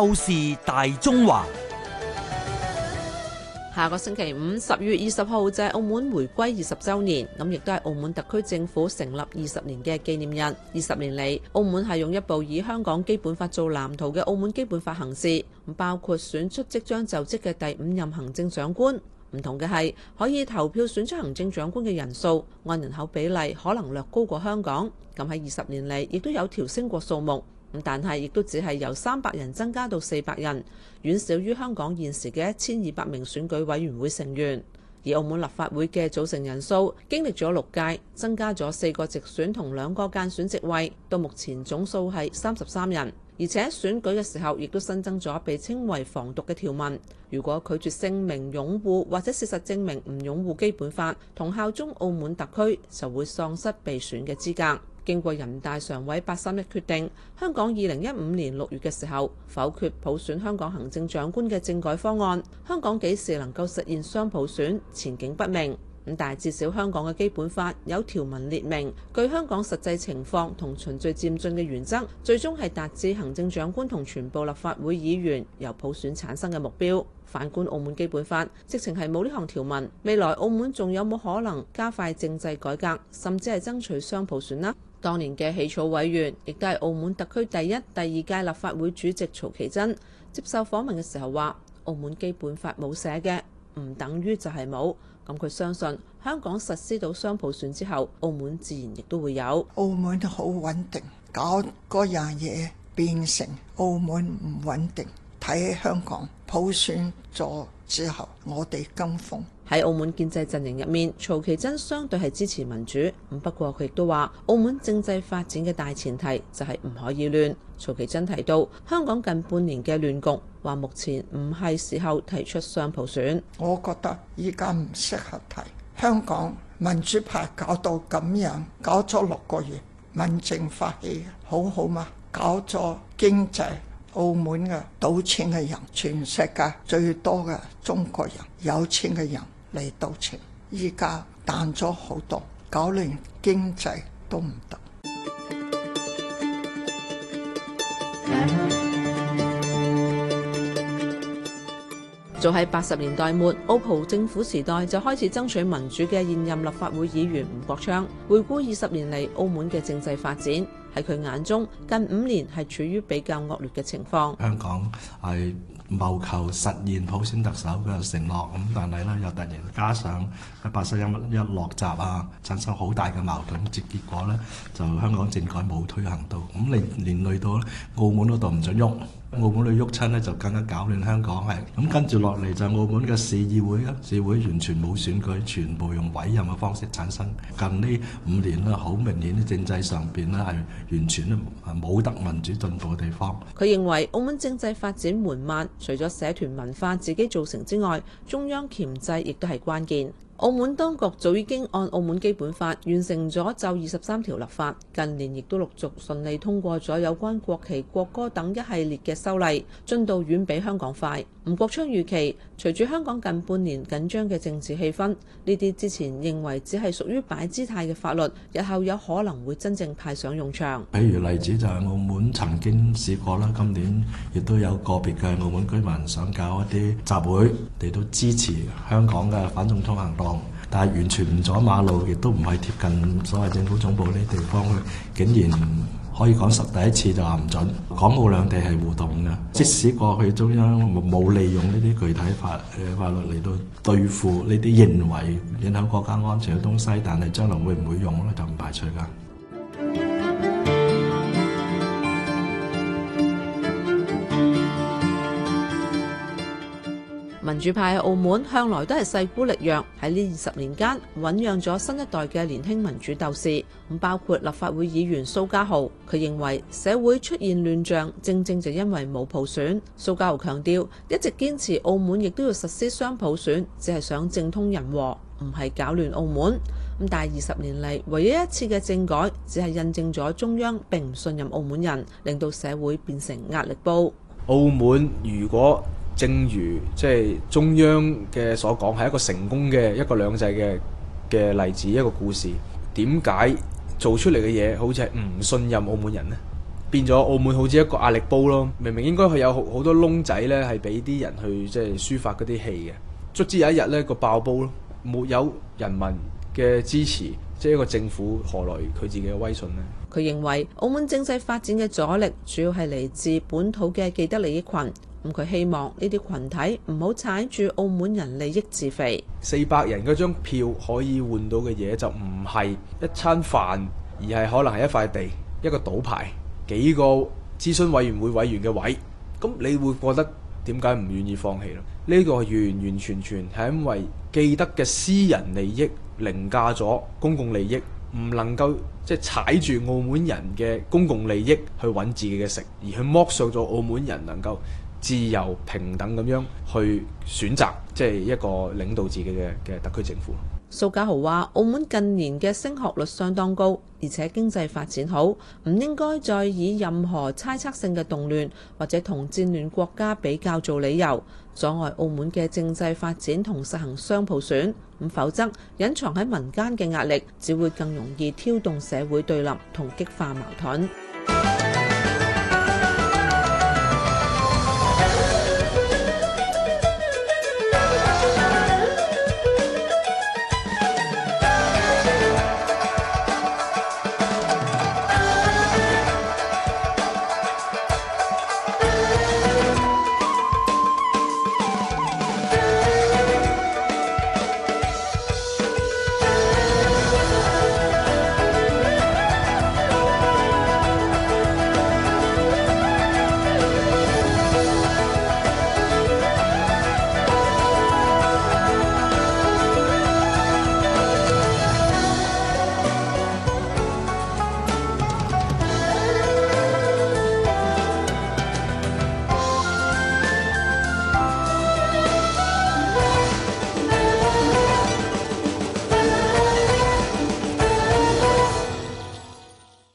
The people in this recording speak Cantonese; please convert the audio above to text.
透視大中華。下個星期五，十月二十號就係澳門回歸二十周年，咁亦都係澳門特區政府成立二十年嘅紀念日。二十年嚟，澳門係用一部以香港基本法做藍圖嘅澳門基本法行事，包括選出即將就職嘅第五任行政長官。唔同嘅係，可以投票選出行政長官嘅人數，按人口比例可能略高過香港。咁喺二十年嚟，亦都有調升過數目。但係亦都只係由三百人增加到四百人，遠少於香港現時嘅一千二百名選舉委員會成員。而澳門立法會嘅組成人數經歷咗六屆，增加咗四個直選同兩個間選席位，到目前總數係三十三人。而且選舉嘅時候，亦都新增咗被稱為防毒嘅條文，如果拒絕聲明擁護或者事實證明唔擁護基本法同效忠澳門特區，就會喪失被選嘅資格。經過人大常委八三一決定，香港二零一五年六月嘅時候否決普選香港行政長官嘅政改方案。香港幾時能夠實現雙普選，前景不明。咁但係至少香港嘅基本法有條文列明，據香港實際情況同循序漸進嘅原則，最終係達至行政長官同全部立法會議員由普選產生嘅目標。反觀澳門基本法，直情係冇呢項條文。未來澳門仲有冇可能加快政制改革，甚至係爭取雙普選呢？當年嘅起草委員，亦都係澳門特區第一、第二屆立法會主席曹其真接受訪問嘅時候話：澳門基本法冇寫嘅，唔等於就係冇。咁佢相信香港實施到雙普選之後，澳門自然亦都會有。澳門都好穩定，搞嗰樣嘢變成澳門唔穩定。喺香港普選咗之後，我哋跟風。喺澳門建制陣營入面，曹其真相對係支持民主。不過佢亦都話，澳門政制發展嘅大前提就係唔可以亂。曹其真提到，香港近半年嘅亂局，話目前唔係時候提出雙普選。我覺得依家唔適合提。香港民主派搞到咁樣，搞咗六個月，民政發起好好嘛，搞咗經濟。澳門嘅賭錢嘅人，全世界最多嘅中國人有錢嘅人嚟賭錢，依家淡咗好多，搞亂經濟都唔得。早喺八十年代末，澳葡政府時代就開始爭取民主嘅現任立法會議員吳國昌，回顧二十年嚟澳門嘅政制發展。喺佢眼中，近五年係處於比較惡劣嘅情況。香港係謀求實現普選特首嘅承諾，咁但係咧又突然加上喺八三一落閘啊，產生好大嘅矛盾，結結果咧就香港政改冇推行到。咁連連累到澳門都做唔到喐。澳門嘅喐親呢，就更加搞亂香港係。咁跟住落嚟就澳門嘅市議會啊，市會完全冇選舉，全部用委任嘅方式產生。近呢五年啦，好明顯啲政制上邊咧係完全冇得民主進步嘅地方。佢認為澳門政制發展緩慢，除咗社團文化自己造成之外，中央鉗制亦都係關鍵。澳門當局早已經按澳門基本法完成咗就二十三條立法，近年亦都陸續順利通過咗有關國旗、國歌等一系列嘅修例，進度遠比香港快。吳國昌預期，隨住香港近半年緊張嘅政治氣氛，呢啲之前認為只係屬於擺姿態嘅法律，日後有可能會真正派上用場。比如例子就係澳門曾經試過啦，今年亦都有個別嘅澳門居民想搞一啲集會嚟到支持香港嘅反送中行動，但係完全唔阻馬路，亦都唔係貼近所謂政府總部呢啲地方，佢竟然。可以講十第一次就話唔準。港澳兩地係互動嘅，即使過去中央冇利用呢啲具體法誒法律嚟到對付呢啲認為影響國家安全嘅東西，但係將來會唔會用咧？就唔排除㗎。民主派喺澳門向來都係勢孤力弱，喺呢二十年間，醞釀咗新一代嘅年輕民主鬥士，咁包括立法會議員蘇嘉豪。佢認為社會出現亂象，正正就因為冇普選。蘇嘉豪強調，一直堅持澳門亦都要實施雙普選，只係想政通人和，唔係搞亂澳門。咁但係二十年嚟，唯一一次嘅政改，只係印證咗中央並唔信任澳門人，令到社會變成壓力煲。澳門如果正如即係中央嘅所講，係一個成功嘅一個兩制嘅、嘅例子，一個故事。點解做出嚟嘅嘢好似係唔信任澳門人呢？變咗澳門好似一個壓力煲咯，明明應該佢有好好多窿仔咧，係俾啲人去即係抒發嗰啲氣嘅。卒之有一日咧，個爆煲咯。沒有人民嘅支持，即係一個政府何來佢自己嘅威信呢？佢認為澳門政制發展嘅阻力，主要係嚟自本土嘅既得利益群。咁佢希望呢啲群體唔好踩住澳門人利益自肥。四百人嗰張票可以換到嘅嘢就唔係一餐飯，而係可能係一塊地、一個賭牌、幾個諮詢委員會委員嘅位。咁你會覺得點解唔願意放棄咯？呢個係完完全全係因為既得嘅私人利益凌駕咗公共利益，唔能夠即係踩住澳門人嘅公共利益去揾自己嘅食，而去剝削咗澳門人能夠。自由平等咁樣去選擇，即係一個領導自己嘅嘅特區政府。蘇家豪話，澳門近年嘅升學率相當高，而且經濟發展好，唔應該再以任何猜測性嘅動亂，或者同戰亂國家比較做理由，阻礙澳門嘅政制發展同實行雙普選。咁否則，隱藏喺民間嘅壓力，只會更容易挑動社會對立，同激化矛盾。